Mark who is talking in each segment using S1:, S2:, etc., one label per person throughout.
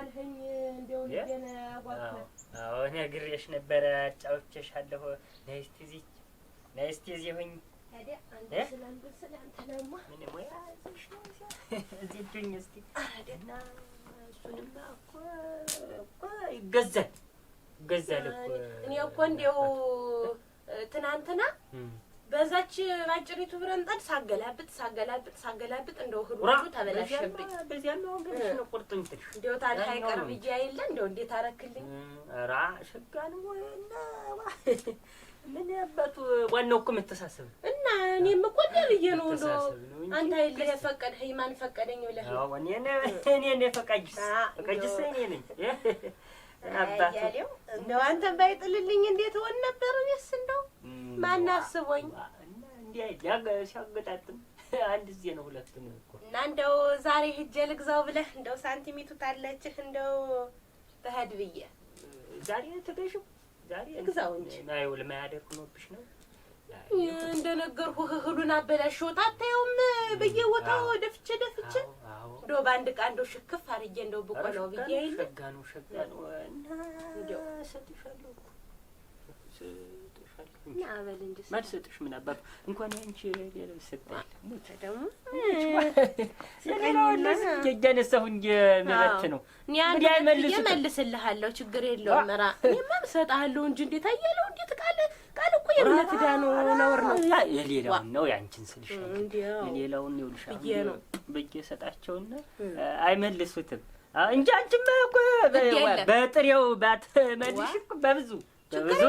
S1: አልኸኝ እንደው
S2: ልቤን አጓግተህ። አዎ ነግሬሽ ነበረ አጫውቼሻለሁ። ነይ እስኪ እዚህ ነይ እስኪ እዚህ ምን ይገዛል ይገዛል እኮ
S1: እኔ እኮ እንደው ትናንትና በዛች ባጭሪቱ ብረንጣድ ሳገላብጥ ሳገላብጥ ሳገላብጥ እንደው ህሩጩ
S2: ተበላሸብኝ። በዚያ ነው ወገንሽ ነው ቁርጥ እንግዲህ
S1: እንደው ታሪክ አይቀርብ እጄ አይለ እንደው እንዴት አረክልኝ።
S2: ኧረ ሸጋ ነው ወይና ምን ያባቱ ዋናው እኮ የምትተሳሰብ
S1: እና እኔም እኮ እንደ ብዬ ነው እንደው አንተ አይልህ የፈቀድህ ማን ፈቀደኝ ብለህ
S2: ነው እኔ እኔ ፈቃጅስ ፈቃጅስ እኔ ነኝ አባቱ
S1: እንደው አንተም ባይጥልልኝ እንዴት ሆን ነበር? እኔስ እንደው ማን አስቦኝ
S2: ሲያገጣጥም አንድ ዜ ነው ሁለት ነው እኮ
S1: እና እንደው ዛሬ ሂጅ ልግዛው ብለህ እንደው ሳንቲሚቱ ታለችህ እንደው በህድ ብዬ
S2: ዛሬ ትገዥው ዛሬ ግዛው እንጂ ማየው ለማያደርግ ኖብሽ ነው
S1: እንደነገርኩህ እህሉን አበላሽወጣ አታየውም ብዬ ደፍቼ ደፍቼ እንደው በአንድ ዕቃ እንደው ሽክፍ አድርጌ እንደው ብቆላው ብዬ
S2: ማልሰጥሽ ምን አባቱ እንኳን አንቺ ሌላው ይሰጣል። እያነሳሁ እንጂ መበት ነው
S1: መልስልሃለሁ። ችግር የለውም። እኔማ እሰጥሃለሁ እንጂ እንዴት አየለው እንዴት ቃለ ቃል እኮ
S2: የእምነት ዕዳ ነውር ነው። የሌላውን ነው ያንቺን ስልሽ የሌላውን ይውልሻል ብዬ ሰጣቸውና አይመልሱትም እንጂ አንቺም እኮ በጥሬው ባትመልሽ በብዙ ብዙ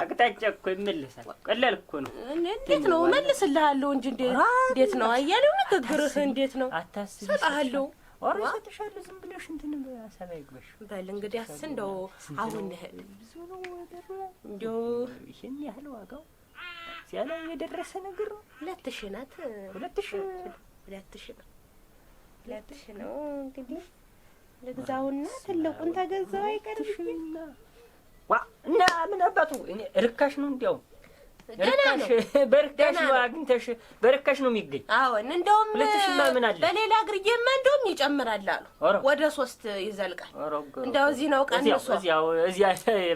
S2: አቅጣጫ እኮ ይመልሳል። ቀላል እኮ ነው።
S1: እንዴት ነው እመልስልሃለሁ እንጂ እንዴት ነው አያሌው ንግግርህ እንዴት ነው አታስብ ሰጣሃለሁ
S2: ኧረ እሰጥሻለሁ ዝም ብለሽ እንትን ሰማይ ግበሽ
S1: በል እንግዲያስ እንደው አሁን እህል
S2: ብዙ ነው ወደረ እንደው ይህን ያህል ዋጋው እዚያ ላይ የደረሰ ነገር ነው።
S1: ሁለት ሺህ ናት። ሁለት ሺህ ሁለት ሺህ ነው። ሁለት ሺህ ነው እንግዲህ ልግዛውና ትልቁን ተገዛው አይቀርም
S2: ዋ እና ምን አባቱ እኔ ርካሽ ነው እንዲያውም በርካሽ አግኝተሽ በርካሽ ነው የሚገኝ።
S1: አዎን እንደውም በሌላ እግርዬማ እንደውም ይጨምራል አሉ ወደ ሶስት ይዘልቃል። እንደው እዚህ ነው ቀንሶ
S2: እዚያ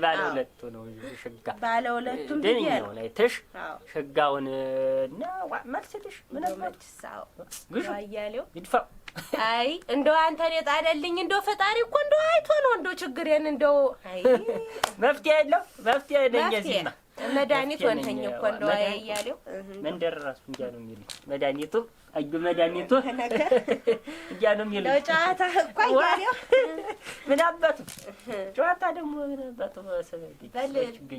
S2: ባለ ሁለቱ ነው ሸጋ
S1: ባለ ሁለቱም
S2: አይተሽ ሸጋውን እና ማልሰልሽ ምናልባትሳያሌው ይድፋው።
S1: አይ እንደው አንተን የጣለልኝ እንደው ፈጣሪ እኮ እንደው አይቶ ነው እንደው ችግሬን እንደው
S2: መፍትሄ የለው መፍትሄ ነኝ ዚህማ
S1: መድኃኒት ወንተኝ እኮ እንደው እያሌው
S2: መንደር እራሱ እንጃ ነው የሚሉኝ። መድኃኒቱ አዩ መድኃኒቱ እንጃ ነው የሚሉኝ።
S1: ጨዋታ እኮ እያሌው
S2: ምን አባቱ ጨዋታ ደግሞ ምን አባቱ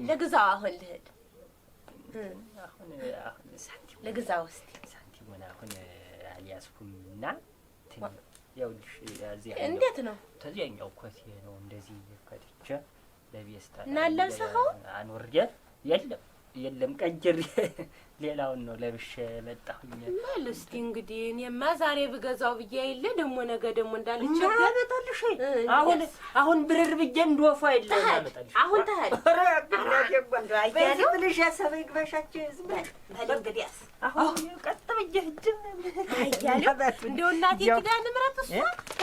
S1: ልግዛው። አሁን ልሂድ ልግዛው እስኪ
S2: ሳንቲሙን አሁን አልያዝኩም እና እንዴት ነው ተዚያኛው ኮቴ ነው እንደዚህ ኮትቼ ለቤስታ
S1: እና አለብሰኸው
S2: አኑርጌ የለም የለም ቀይሬ ሌላውን ነው ለብሼ መጣሁኝ።
S1: በል እስኪ እንግዲህ እኔማ ዛሬ ብገዛው ብዬ የለ ደግሞ ነገ ደግሞ እንዳልቸገር
S2: አመጣልሽ። አሁን አሁን ብርር ብዬ እንደወፋ የለ አመጣልሽ።
S1: አሁን ተህል ብልሽ ያሰበ ይግባሻቸው ዝም በል እንግዲያስ
S2: አሁን ቀጥ ብዬ
S1: ህጅ እያለሁ እንደው እናቴ ኪዳነ ምሕረት እሷ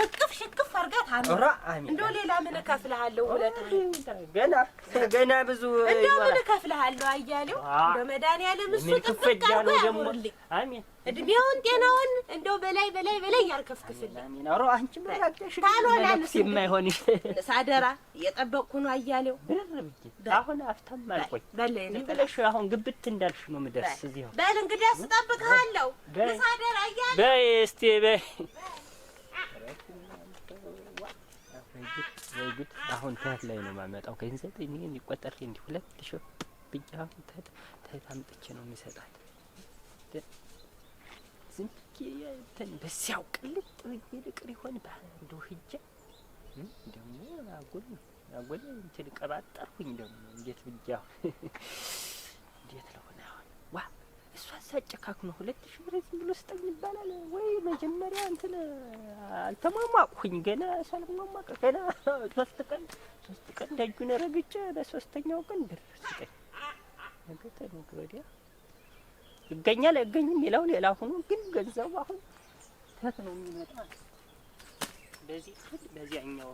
S1: እቅፍ ሽቅፍ አድርጋት አለ እንደው ሌላ ምን እከፍልሃለሁ? ሁለት
S2: ገና ገና ብዙ
S1: እንደው ምን እከፍልሃለሁ? አያሌው በመድኃኒዓለም እሱ እድሜውን ጤናውን እንደው በላይ በላይ በላይ ያርከፍክፍልኝ። አሜን። ሳደራ እየጠበቅኩ ነው አያሌው
S2: ብርብ አሁን አፍታም አልቆኝ ይብለሽ አሁን ግብት እንዳልሽ ነው የምደርስ እዚህ
S1: በል እንግዲህ አስጠብቅሃለሁ። ሳደራ አያሌው
S2: በይ እስቲ በይ አሁን ተህት ላይ ነው የማመጣው ገንዘብ እኔ የሚቆጠር እንዲህ ሁለት ሺህ ብቻ ተህት ከየት አምጥቼ ነው የሚሰጣኝ። ዝም ብዬ እንትን በዚያው ቅልጥ ብዬ ልቅር ይሆን ባህል እንደው ሂጄ ደግሞ አጎል አጎል እንትን ቀባጠርኩኝ ደግሞ እንዴት ብዬ አሁን እንዴት ለሆነ አሁን ዋ እሷ ሳጨካክ ነው ሁለት ሺህ ብር ዝም ብሎ ስጠኝ ይባላል ወይ? መጀመሪያ እንትን አልተሟሟቅሁኝ ገና እሷ ሳልሟሟቅ ገና ሶስት ቀን ሶስት ቀን ደጁን ረግጬ በሶስተኛው ቀን ብር ስጠኝ ነገ ነገ ወዲያ ይገኛል አይገኝም የሚለው ሌላ ሆኖ ግን ገንዘቡ አሁን ተት ነው የሚመጣ። በዚህ ክፍል በዚያኛው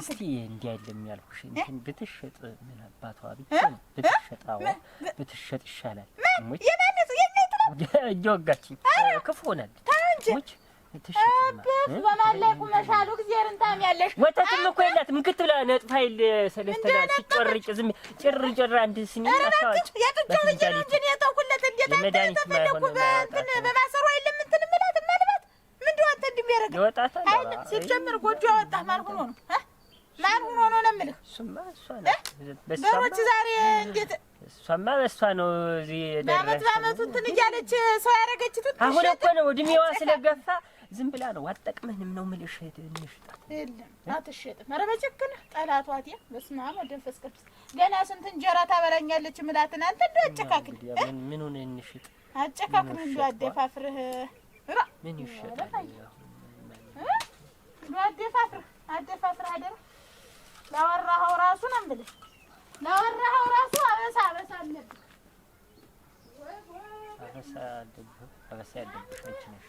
S2: እስቲ እንዲህ አይደለም ያልኩሽ እንትን ብትሸጥ ምን አባቷ ብቻ ብትሸጥ፣ አዎ ብትሸጥ ይሻላል። ክፉ እብፍ
S1: በማለይ ቁመሻሉ እግዚአብሔርን ታምያለሽ።
S2: ወተትም እኮ የላትም ግት ብላ ነጥፍ ኃይል ሰለስተ ሲጮርጭ ዝም ጭር ጭር አንድ ስኒ አሳዋጭ
S1: የጥጆ ልጅ ነው እንጂ የተውኩለት እንዴት አንተ ተፈለኩ በእንትን በባሰሩ አይልም እንትን ምላት መልባት ምንድን አንተ እንደሚያረግ
S2: ይወጣታል። አይል
S1: ሲጀምር ጎጆ ያወጣ ማን ሆኖ ነው ማን ሆኖ ነው የምልህ በሮች ዛሬ እንዴት
S2: እሷማ በእሷ ነው እዚህ ደረሰ። በአመት
S1: በአመቱ እንትን እያለች ሰው ያረገችት
S2: አሁን እኮ ነው እድሜዋ ስለገፋ ዝም ብላ ነው አጠቅመንም ነው የምልሽ። እንሽጣት
S1: የለም አትሸጥም። ኧረ በጭክን ጠላቷ ትያ በስመ አብ ወመንፈስ ቅዱስ ገና ስንት እንጀራ ታበላኛለች ምላትን አንተ እንደው አጨካክን
S2: ምን ሆነ እንሽጥ
S1: አጨካክን እንደው አደፋፍርህ ምን ይሸጣል? እንደው አደፋፍርህ አደፋፍርህ አደረ ላወራኸው ራሱ ነው የምልህ ላወራኸው ራሱ አበሳ አበሳ አለብህ
S2: አበሳ አለብህ አበሳ ያለብህ አንቺ ነሽ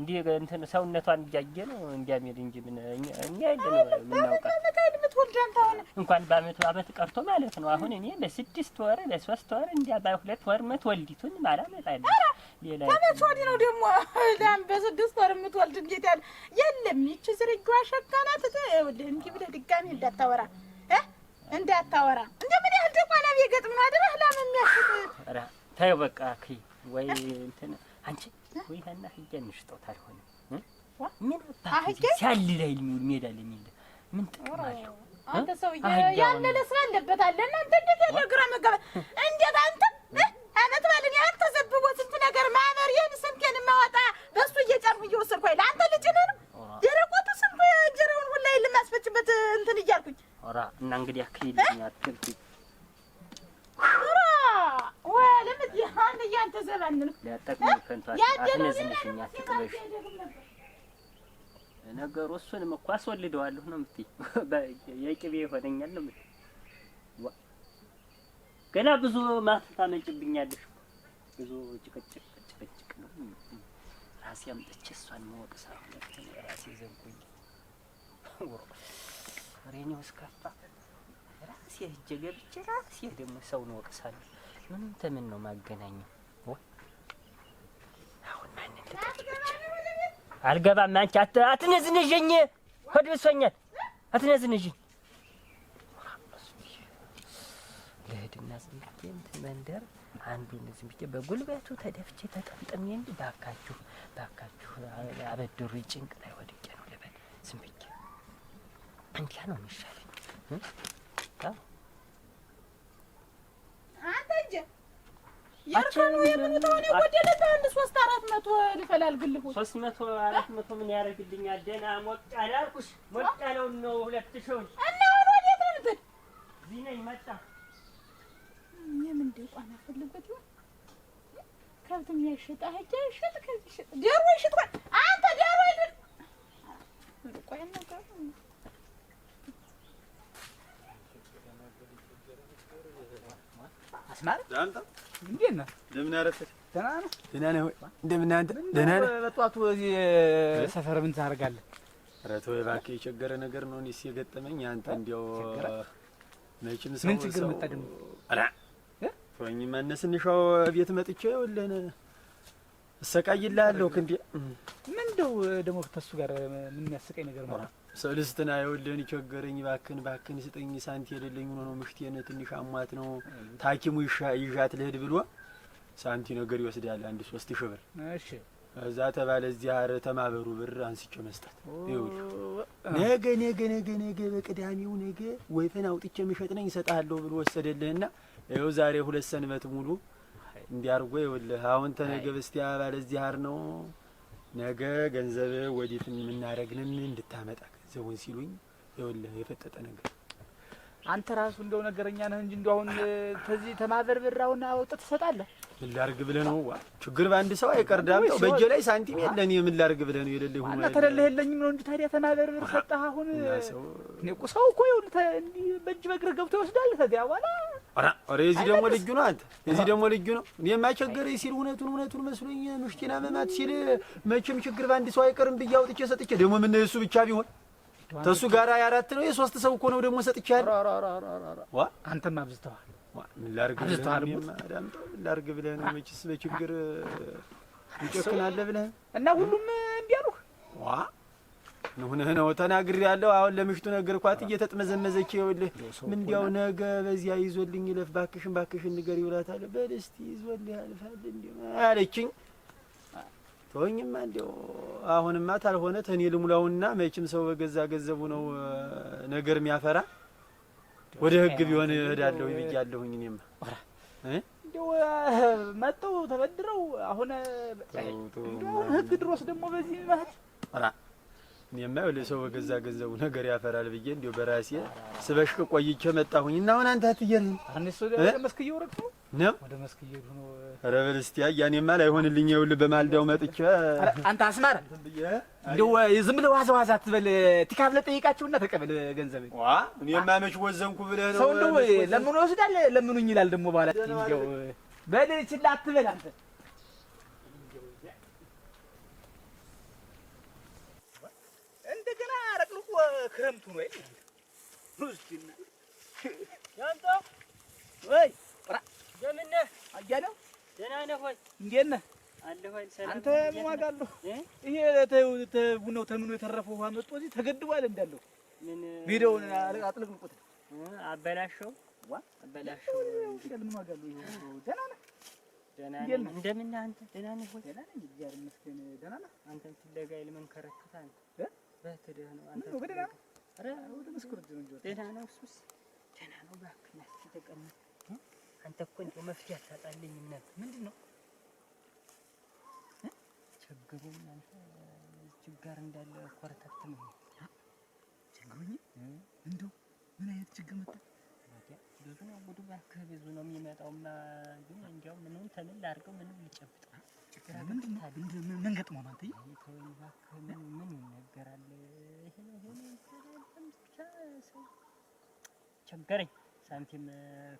S2: እንዲህ እንትን ሰውነቷን እያየ ነው እንዲያሜድ እንጂ ምን እኛ ያለ ነው የምናውቀው። እንኳን በአመቱ አመት ቀርቶ ማለት ነው። አሁን እኔ ለስድስት ወር ለሶስት ወር እንዲያ በሁለት ወር የምትወልዲቱን ማላመጣ አለ
S1: ሌላ አመት ወዲህ ነው ደግሞ ላም በስድስት ወር የምትወልድ እንዴት ያለ የለም። ይቺ ዝርያዋ ሸካናት ወልህ እንዲህ ብለህ ድጋሚ እንዳታወራ እንዳታወራ እንደ ምን ያህል ደግሞ ላም የገጥም ነው አደረህ ላም የሚያስብ
S2: ተይው በቃ ክይ ወይ እንትን አንቺ ወይ ሀና አህያ እንሽጠውት አልሆነም። ምን አባቱ ሲያልላይል የሚውል ሜዳ ላይ ምን ጥቅም አለው?
S1: አንተ ሰውዬ ያለ ለስራ አለበት እናንተ እንዴት ያለ ግራ መጋባት! እንዴት አንተ አመት ባልን ያህል ተዘብቦ ስንት ነገር ማህበር ይህን ስንቴን ማወጣ በእሱ እየጫንኩ እየወሰድኩ አይደል? አንተ ልጅ ነህ ነው ደረቆቱ ስንት እንጀራውን ሁላ ልማስፈጭበት እንትን እያልኩኝ
S2: ራ እና እንግዲህ አክሊል ትልኩኝ ራ ነገሩ እሱንም እኮ አስወልደዋለሁ ነው የምትይ። የቅቤ ይሆነኛል ነው የምትይ። ገና ብዙ ማታ ታመጭብኛለሽ። ብዙ ጭቅጭቅ ጭቅጭቅ ነው። ራሴ አምጥቼ እሷን ራሴ ዘንኩኝ። ወሬኔ ውስጥ ከፋ። ራሴ ገብቼ ራሴ ደግሞ ሰውን ወቅሳለሁ። ምንም ተምን ነው ማገናኘው። አሁን ማንን አልገባም። አንቺ አትነዝንዥኝ፣ ሆድ ብሶኛል። አትነዝንዥኝ። ልሂድና ዝም እንትን መንደር አንዱን ዝም በጉልበቱ ተደፍቼ ተጠምጥሜ እንጂ ባካችሁ፣ ባካችሁ አበድሩ ጭንቅ ላይ ወድቄ ነው ልበል። ዝም እንዲያ ነው የሚሻለኝ።
S1: የእርከኑ የምንተሆን የጎደለብህ አንድ ሶስት አራት መቶ ልፈላል
S2: ሶስት መቶ አራት መቶ ምን ያደርግልኛል? ደህና ሞቅ ያለ ሞቅ ያለውን ነው ሁለት ሺውን
S1: እና አሁን ወዴት ነው የምትል?
S2: እዚህ ነኝ መጣ
S1: የምንዴ ቋና ፈልግበት ይሆን ከብትም ያሸጣ ከዚህ ሽጥ ደሮ ይሽጥ አንተ ዶሮ ይድል ቆይ ነገር
S2: ሰፈር ምን ታደርጋለህ? ኧረ ተው እባክህ፣ የቸገረ ነገር ነው። እኔስ የገጠመኝ አንተ እንዲያው መቼም ሰው ምን ችግር ደግሞ? ኧረ ቤት መጥቼ እሰቃይልሃለሁ። ምን እንደው ደግሞ ጋር ምን ነገር ነው ሰው ልስትና የወለን ቸገረኝ፣ ባክን ባክን ስጠኝ ሳንቲ የሌለኝ ሆኖ ነው ምሽቴን ትንሽ አሟት ነው ታኪሙ ይዣት ልሂድ ብሎ ሳንቲ ነገር ይወስዳል። አንድ ሶስት ሺህ ብር እሺ፣ እዛ ተባለ እዚያ ኧረ ተማበሩ ብር አንስቼ መስጠት ነገ ነገ ነገ ነገ በቅዳሜው ነገ ወይፈን አውጥቼ መሸጥ ነኝ እሰጥሃለሁ ብሎ ወሰደልህና ይኸው ዛሬ ሁለት ሰንበት ሙሉ እንዲያርጎ ይውልህ አሁን ተነገ በስቲያ ባለ እዚህ ኧረ ነው ነገ ገንዘብ ወዲት የምናደርግንን እንድታመጣ ዘወን ሲሉኝ ይኸውልህ የፈጠጠ ነገር አንተ ራሱ እንደው ነገረኛ ነህ እንጂ እንደው አሁን ተዚህ ተማበርብራውን ብራውን አውጥተህ ትሰጣለህ። ምን ላድርግ ብለህ ነው? ዋ ችግር በአንድ ሰው አይቀርዳም። ጠው በእጄ ላይ ሳንቲም የለን። ምን ላድርግ ብለህ ነው? የሌለ ሁሉ አንተ ተደለህ የለኝም ነው እንጂ ታዲያ ተማበርብር ሰጠህ። አሁን እኔ እኮ ሰው እኮ ይኸውልህ በእጅ በእግርህ ገብቶ ይወስዳል። ከዚያ በኋላ ኧረ ኧረ የዚህ ደግሞ ልጁ ነው። አንተ የዚህ ደግሞ ልጁ ነው። እኔ ቸገረኝ ሲል እውነቱን እውነቱን መስሎኝ ምሽቴና መማት ሲል መቼም ችግር በአንድ ሰው አይቀርም ብዬ አውጥቼ ሰጥቼ ደግሞ ምን እሱ ብቻ ቢሆን ተሱ ጋራ ያራት ነው የሶስት ሰው እኮ ነው ደግሞ ሰጥቻለሁ። አንተም አብዝተዋል። ላርግ ብለህ ነው መችስ በችግር እንጨክናለህ ብለህ እና ሁሉም እምቢ አሉህ። ሁነህ ነው ተናግሬ ያለው አሁን ለምሽቱ ነገር ኳት እየተጥመዘመዘች ይኸውልህ፣ እንዲያው ነገ በዚያ ይዞልኝ ይለፍ፣ ባክሽን፣ እባክሽን ንገሪው እላታለሁ። በል እስቲ ይዞልህ ያልፋል እንዲ አለችኝ። ተወኝማ እንዲያው አሁንማ ታልሆነ ተኔ ልሙላውና መቼም ሰው በገዛ ገንዘቡ ነው ነገር የሚያፈራ። ወደ ህግ ቢሆን እሄዳለሁ ብያለሁኝ። እኔማ እንዲያው መጥተው ተበድረው አሁን አሁን ህግ ድሮስ ደግሞ በዚህ ማለት እኔማ ይኸውልህ ሰው በገዛ ገንዘቡ ነገር ያፈራል ብዬ እንዲያው በራሴ ስበሽቅ ቆይቼ መጣሁኝ እና አሁን አንተ ትየልኝ አንሱ እሱ መስክየው ረግተው ነው ወደ መስክ እየሄዱ ነው። ኧረ በል እስቲ አያ ላይሆንልኝ ይኸውልህ፣ በማልዳው መጥቼ አንተ አስማር እንደው ዝም ብለህ ዋዛ ዋዛ አትበል። ቲካብ ለጠይቃቸውና ተቀበል ገንዘብ። ዋ እኔማ መች ወዘንኩ ብለህ ነው ሰው እንደው ለምኑ ይወስዳል ለምኑኝ ይላል ደግሞ በኋላ እንደው በል ችላ አትበል አንተ እንደገና አረቅልቆ ክረምቱ ነው ወይ እንደምን አንተ ምን ዋጋ አለው? ይሄ ቡናው ተምኖ የተረፈው ውሃ መጥቶ እዚህ ተገድቧል። እንዳለው ሜዳውን አጥለቅልቁት አበላሸው። ዋ አበላሸው። ምን ዋጋ አለው? ደህና ነህ? እንደምን ነህ አንተ? ደህና ነህ ወይ? ደህና ነኝ፣ እግዚአብሔር ይመስገን። ደህና ነህ? አንተን ፍለጋ የለምን ከረከታ አንተ በትደህ ነው አንተ ደህና ነው። ኧረ ወደ መስኮት ነው እንጂ ደህና ነው። እሱስ ደህና ነው። እባክህ ተቀመጥ አንተ እኮ እንደው መፍትሄ አታጣልኝም ነበር። ምንድን ነው ችግሩም? አንተ እዚህ እንዳለ ኮረታት ነው ችግሩኝ። እንደው ምን አይነት ችግር መጣ? ብዙ ነው ጉዱ፣ እባክህ ብዙ ነው የሚመጣውማ። ግን እንዲያው ምንም ተምል አድርገው ምንም ልጨብጥ ምን ገጥሞህ ነው አንተዬ? ምን ይነገራል? ይሄ ነው ብቻ ቸገረኝ። ሳንቲም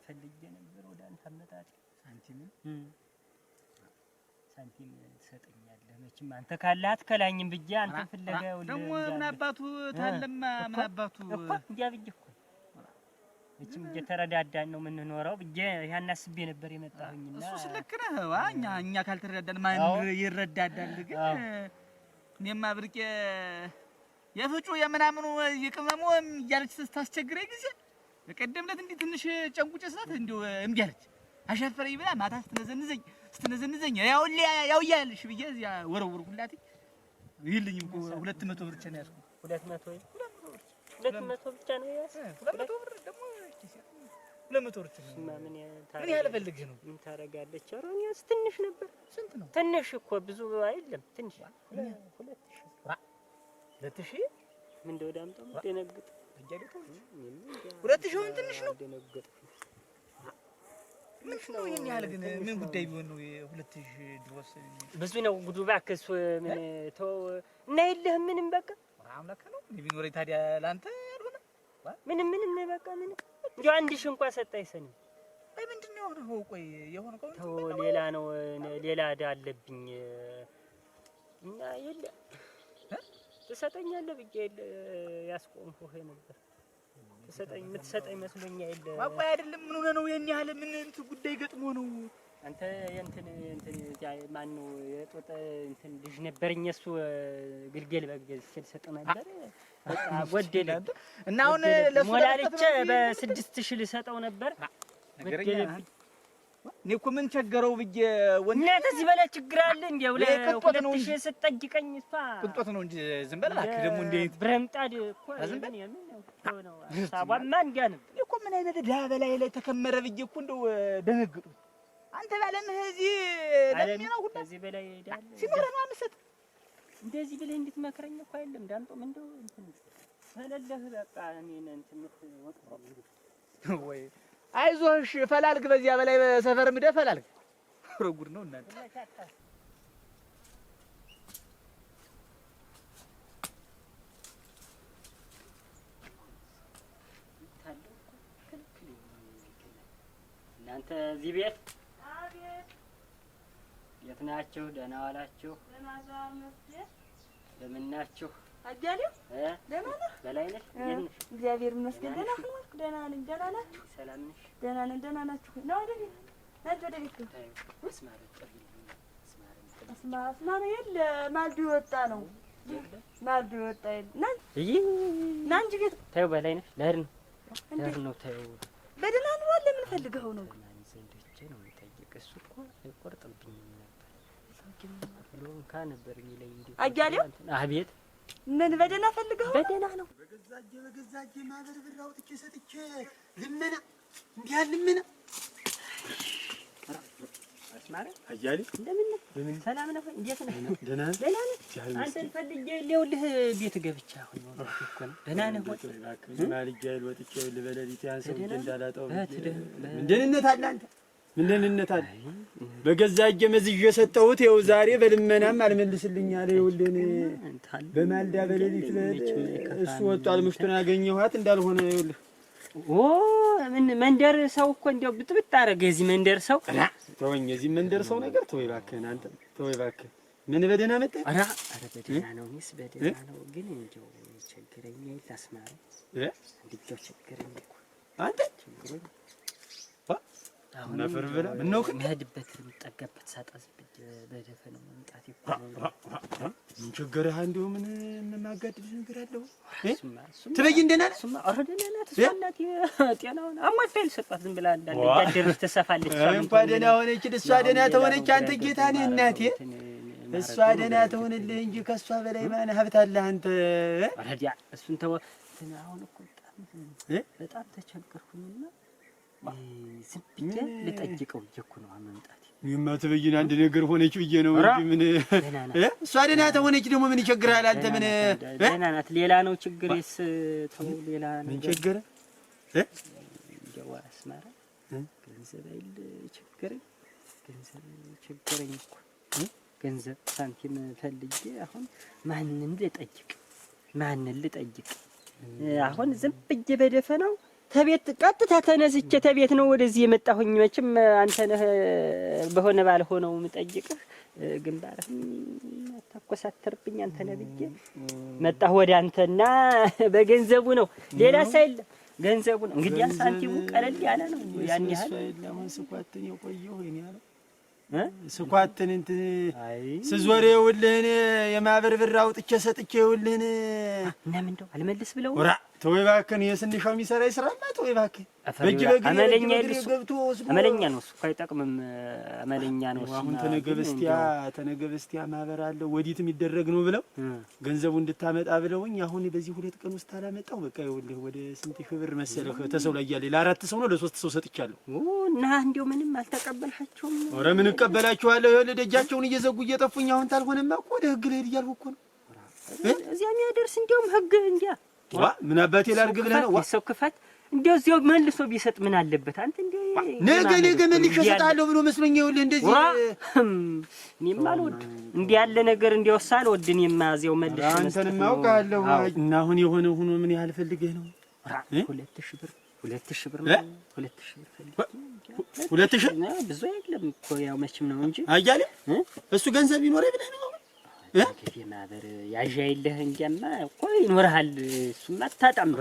S2: ፈልጌ ነበር ወደ አንተ አመጣጤ። ሳንቲምን ሳንቲም ትሰጠኛለህ መቼም አንተ ካለህ አትከላኝም ብዬ አንተ ፍለጋ ወደ ደግሞ ምን አባቱ ታለማ ምን አባቱ እኮ እንጃ ብዬ እኮ መቼም እየተረዳዳን ነው የምንኖረው ብዬ ያን አስቤ ነበር የመጣሁኝና እሱስ ልክ ነህ። እኛ እኛ ካልተረዳዳን ማን ይረዳዳል? ግን እኔማ ብርቄ የፍጩ የምናምኑ ይቅመሙ እያለች ታስቸግረኝ ጊዜ ቀደም ዕለት እንዲህ ትንሽ ጨንቁጭ ስላት እንዲሁ እምቢ አለች። ብላ ማታ ስትነዘንዘኝ ስትነዘንዘኝ ያው ያው ያልሽ ብዬ እዚያ ወረወርኩላት። ይኸውልኝ እኮ ሁለት መቶ ብር ብቻ ነው ያዝኩት። ሁለት መቶ ብር ደግሞ ምን ያህል ፈልግህ ነው? ምን ታደርጋለች? ኧረ እኔስ ትንሽ ነበር። ስንት ነው? ትንሽ እኮ ብዙ አይደለም። ትንሽ ሁለት ሺህ ምንድን ወደ አምጣው የምትደነግጥ ሁለት ሺህ ትንሽ ነው። ነው ይሄን ያህል ግን? ምን ጉዳይ ቢሆን ነው ሁለት ሺህ ድሮስ? ብዙ ነው ጉዱ። እባክህ እሱ ምን ተው እና የለህም ምንም በቃ አምላክ ነው ቢኖረኝ ታዲያ ለአንተ ያልሆነ ምንም ምንም በቃ ምንም እንዲያው አንድ ሺህ እንኳን ሰጥ አይሰንም። ቆይ ምንድን ነው የሆነው? ቆይ የሆነ ተው ሌላ ነው ሌላ ዕዳ አለብኝ እና የለ ትሰጠኛለህ ብዬ የለ ያስቆምኩህ ነበር። ትሰጠኝ የምትሰጠኝ መስሎኛ የለ ማቆያ አይደለም። ምን ሆነህ ነው? ይሄን ያህል ምን እንትን ጉዳይ ገጥሞ ነው? አንተ እንትን እንትን ማን ነው የጦጠ እንትን ልጅ ነበርኝ። እሱ ግልገል በግል ስል ሰጥ ነበር በቃ ጎደለ እና አሁን ለሱ ሞላልቼ በስድስት ሺህ ልሰጠው ነበር ነገርኛ እኔ እኮ ምን ቸገረው ብዬ ወንድ እና ተዚህ በላይ ችግር አለ እንዴ? ሁለት ሺህ ስጠይቀኝ እሷ ቅንጦት ነው እንጂ ዝም በል እባክህ። ደግሞ እንደ ብረምጣድ እኮ ዝም በል ነው ሳቧማ እንዲያ ነው እኮ ምን አይነት ዳ በላይ ላይ ተከመረ ብዬ እኮ እንደው ደነግጡ። አንተ ባለምህ እዚህ ለሚ ነው ሁላ እዚህ በላይ ዳል ሲኖረን አምሰጥ እንደዚህ ብለህ እንድትመክረኝ እኮ አይደለም እንደው እንትን በቃ እንትን ወይ አይዞሽ ፈላልግ፣ በዚያ በላይ ሰፈር ምደ ፈላልግ። ኧረ ጉድ ነው እናንተ። እናንተ እዚህ ቤት የት ናችሁ? ደህና ዋላችሁ? በምን ናችሁ? አያሌው ደህና ነህ? በላይነሽ እግዚአብሔር ይመስገን ደህና ደህና ደህና ናችሁ? ሰላም ነሽ? ደህና ነን። ደህና ናችሁ? ና ወደ ቤት ናችሁ? ወደ ቤት የለ የወጣ ነው። የወጣ የለ ና እንጂ ቤት ተይው። በላይነሽ ነው ነው ተይው። በደህና ነው? እሱ እኮ አይቆርጥብኝም ነበር ብሎ እንካ ነበር የሚለኝ። አያሌው አቤት ምን በደህና ፈልገው? በደህና ነው። በገዛ እጄ በገዛ እጄ ማህበር ብር አውጥቼ ሰጥቼ ልመና እንዲህ ልመና። አስማረ አያሌ እንደምን ነህ? ሰላም እንዴት አንተን ፈልጌ ቤት ገብቼ አሁን ነው ነው። ደህና ነህ? ወጥቼ ያንሰው ምንድንነታል በገዛ እጄ መዝዤ የሰጠሁት ይኸው ዛሬ በልመናም አልመልስልኝ አለ። ይኸውልህ በማልዳ በሌሊት እሱ ወጡ ምሽቱን አገኘኋት እንዳልሆነ ይኸውልህ ኦ ምን መንደር ሰው እኮ እንደው ብጥብጥ አደረገ። የዚህ መንደር ሰው ተወኝ፣ የዚህ መንደር ሰው ነገር ተወይ እባክህን፣ አንተ ተወይ እባክህ። ምን በደህና መጣ? ኧረ ኧረ በደህና ነው፣ እኔስ በደህና ነው። ግን እንደው ቸገረኝ። ይላስማረ እ አንተ ነፍር ብላ ምነው ግን መሄድበት የምጠጋበት ሳጣስ በደፈነው መምጣት ምን ቸገረ? እንደው ምን የማጋድልሽ ነገር አለው ትበይ እንደናለ ጤናውን አሟታል ሰጧት። ዝም ብላ አንዳንድ እያደረች ተሰፋለች። እንኳ ደህና ሆነች እሷ ደህና ተሆነች። አንተ ጌታ ነህ እናቴ እሷ ደህና ትሆንልህ እንጂ ከእሷ በላይ ማን ሀብት አለ አንተ? እሱን ተወው። አሁን እኮ በጣም ተቸገርኩኝና ዝም ብዬ ልጠይቀው እየኩ ነው መምጣት የማትበይን አንድ ነገር ሆነች ብዬ ነው እንጂ ምን እሷ ደህና ተሆነች ደግሞ ምን ይቸግራል? አንተ ምን ደህና ናት። ሌላ ነው ችግሬስ? ተው ሌላ ነው ምን ቸገረ? እንደው አስማራ ገንዘብ አይደል ቸገረኝ፣ ገንዘብ ቸገረኝ እኮ ገንዘብ ሳንቲም ፈልጌ አሁን ማንን ልጠይቅ? ማንን ልጠይቅ? አሁን ዝም ብዬ በደፈናው ተቤት ቀጥታ ተነስቼ ተቤት ነው ወደዚህ የመጣሁኝ። መቼም አንተ ነህ በሆነ ባልሆነው የምጠይቅህ፣ ግንባርህም አታኮሳተርብኝ አንተ ነህ ብዬ መጣሁ ወደ አንተና በገንዘቡ ነው፣ ሌላ ሳይል ገንዘቡ ነው። እንግዲህ ሳንቲሙ ቀለል ያለ ነው። ያን ያህል ስኳትን የቆየሁ ስኳትን እንትን ስዞር የውልህን የማበርብር አውጥቼ ሰጥቼ የውልህን እናም ነው አልመልስ ብለው ተወው እባክህን፣ የስንሻው የሚሰራ ይስራማ። ተወው እባክህን፣ በእጅ በግ ገብቶ አመለኛ ነው እሱ እኮ አይጠቅምም። አመለኛ ነው እሱ። አሁን ተነገ በስቲያ ተነገ በስቲያ ማህበር አለው ወዲት የሚደረግ ነው ብለው ገንዘቡ እንድታመጣ ብለውኝ፣ አሁን በዚህ ሁለት ቀን ውስጥ አላመጣው በቃ ይኸውልህ፣ ወደ ስንት ሺህ ብር መሰለህ ተሰው ላይ ያለ ለአራት ሰው ነው ለሶስት ሰው ሰጥቻለሁ። እና እንዲያው ምንም አልተቀበልሃቸውም? ኧረ ምን እቀበላችኋለሁ? ይኸውልህ ደጃቸውን እየዘጉ እየጠፉኝ፣ አሁን ታልሆነማ እኮ ወደ ህግ ልሄድ እያልኩ እኮ ነው እዚያ የሚያደርስ እንዲያውም ህግ እንዲያ ዋ ምን አባቴ ላድርግ ብለህ ነው? ሰው ክፋት እንደው እዚያው መልሶ ቢሰጥ ምን አለበት? አንተ እንደ ነገ ነገ መልሼ እሰጣለሁ ብሎ መስሎኝ ይኸውልህ፣ እንደዚህ እኔማ አልወድም እንዲህ ያለ ነገር እንዲያውሳ አልወድን የማያዘው መልሼ አንተንም አውቃለሁ። እና አሁን የሆነ ሆኖ ምን ያህል ፈልገህ ነው? ሁለት ሺህ ብር ሁለት ሺህ ብር ሁለት ሺህ ብር ፈልገህ ሁለት ሺህ ብዙ አይደለም እኮ ያው መቼም ነው እንጂ አያሌ እሱ ገንዘብ ይኖረኝ ብለህ ነው የፊቴ ማህበር ያዣ የለህ እንዲያማ እኮ ይኖርሃል። እሱማ አታጣም።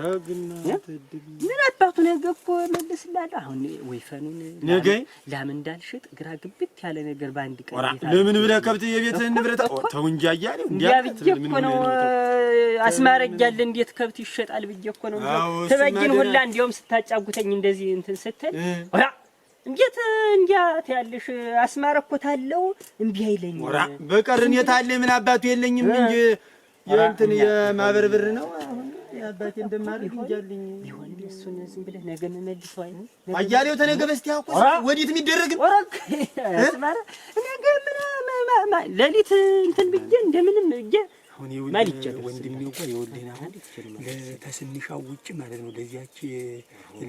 S2: ምን አባቱ ነገ እኮ መልስልሃል። አሁን ወይፈኑን ነገ ላም እንዳልሽጥ ግራ ግብት ያለ ነገር በአንድ ቀን ለምን ብለህ ከብት የቤትህን ንብረት ተው እንጂ አያሌው እንዲያ ብዬሽ እኮ ነው። አስማረጃለ እንዴት ከብት ይሸጣል ብዬሽ እኮ ነው። ትበይን ሁላ እንዲያውም ስታጫጉተኝ እንደዚህ እንትን ስትል እንዴት እንዴት ያለሽ አስማረኮታለው እምቢ አይለኝ። ወራ በቀርን የታለ ምን አባቱ የለኝም እንጂ የእንትን የማበርብር ነው አሁን የአባቴ እንደማድረግ እንጃልኝ ቢሆን እሱን ዝም ብለህ ነገ መመልሰው አይሆን አያሌው ተነገ በስቲያ እኮ ወዴት የሚደረግ ወራክ አስማረ ነገ ምን ለሊት እንትን ብዬ እንደምንም እጄ አሁን ወንድም ይወል ይወልህን አሁን ለተስንሻው ውጭ ማለት ነው። ለዚያች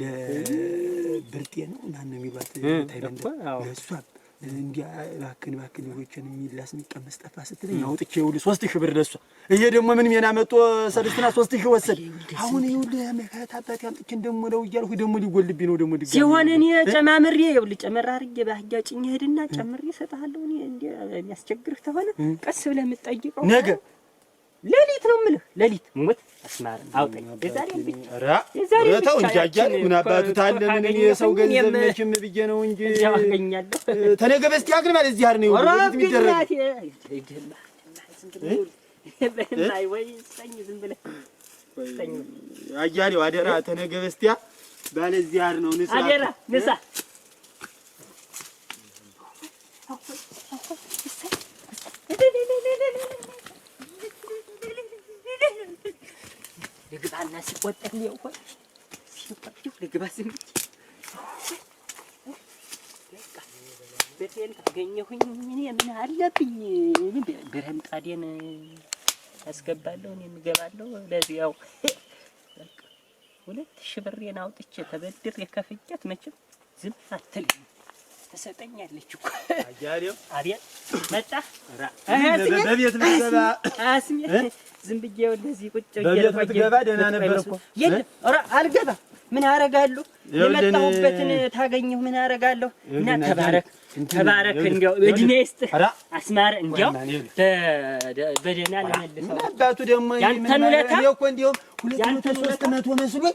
S2: ለብርጤ ነው ማን ነው የሚሏት ታይለንድ ለእሷም እንዲያ እባክህን እባክህን ልጆችን የሚላስ የሚቀመስ ጠፋ ስትለኝ አውጥቼ ይኸውልህ ሶስት ሺህ ብር ለእሷ ይሄ ደግሞ ምን ሜና መጦ ሰለስትና ሶስት ሺህ ወሰድ። አሁን ይኸውልህ መከረት አባቴ አምጥቼን ደግሞ ለው እያልሁ ደግሞ ሊጎልብኝ ነው ደግሞ ድጋሚ ሲሆን እኔ ጨማምሬ ይኸውልህ ጨመራ አድርጌ ባህያ ጭኜ ሄድና ጨምሬ እሰጥሃለሁ እኔ እንዲያ የሚያስቸግርህ ተሆነ ቀስ ብለህ የምትጠይቀው ነገ ሌሊት ነው የምልህ። ሌሊት ሞት አስማር አውጣኝ። የዛሬ ብቻ የዛሬ ብቻ ተው እንጂ አያሌ ምን አባቱ ታለ ምን እኔ የሰው ገንዘብ መቼም ብዬ ነው እንጂ አገኛለሁ። ተነገ በስቲያ ግን ማለት እዚህ አይደል ነው የሚደረግ። አያሌው አደራ፣ ተነገ በስቲያ ባለ እዚህ አይደል ነው ንሳ፣ አደራ ንሳ ልግባና ሲቆጠር ሊሆን ሲቆጥፍ ልግባ ዝም በቴን ካገኘሁኝ እኔ ምን አለብኝ? ብር ምጣዴን አስገባለሁ፣ እኔም እገባለሁ። ለዚያው ሁለት ሺህ ብሬን አውጥቼ ተበድሬ ከፍያት መቼም ዝም አትልኝ። ትሰጠኛለች እኮ አያሌው። አቤት መጣ በቤት ምትገባ አስሜ ዝም ብዬ እንደዚህ ቁጭ በቤት ምትገባ ደህና ነበር እኮ። የለም ኧረ አልገባ ምን አረጋለሁ? የመጣሁበትን ታገኘሁ ምን አረጋለሁ? እና ተባረክ ተባረክ፣ እንዲያው እድሜ ይስጥህ አስማረ። እንዲያው በደህና ልመልሰው አባቱ ደግሞ ያንተን ሁለታ እኔ እኮ እንዲያውም ሁለት መቶ ሦስት መቶ መስሎኝ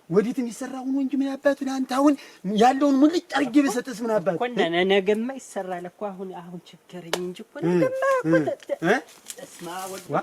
S2: ወዲት የሚሰራውን እንጂ ምን አባቱ ለአንተ አሁን ያለውን ሙልጭ አድርጌ በሰጠስ ምን አባቱ እኮ ነገማ ይሰራል እኮ አሁን አሁን ችግረኝ እንጂ እኮ ነገማ እኮ ተስማ ወልዋ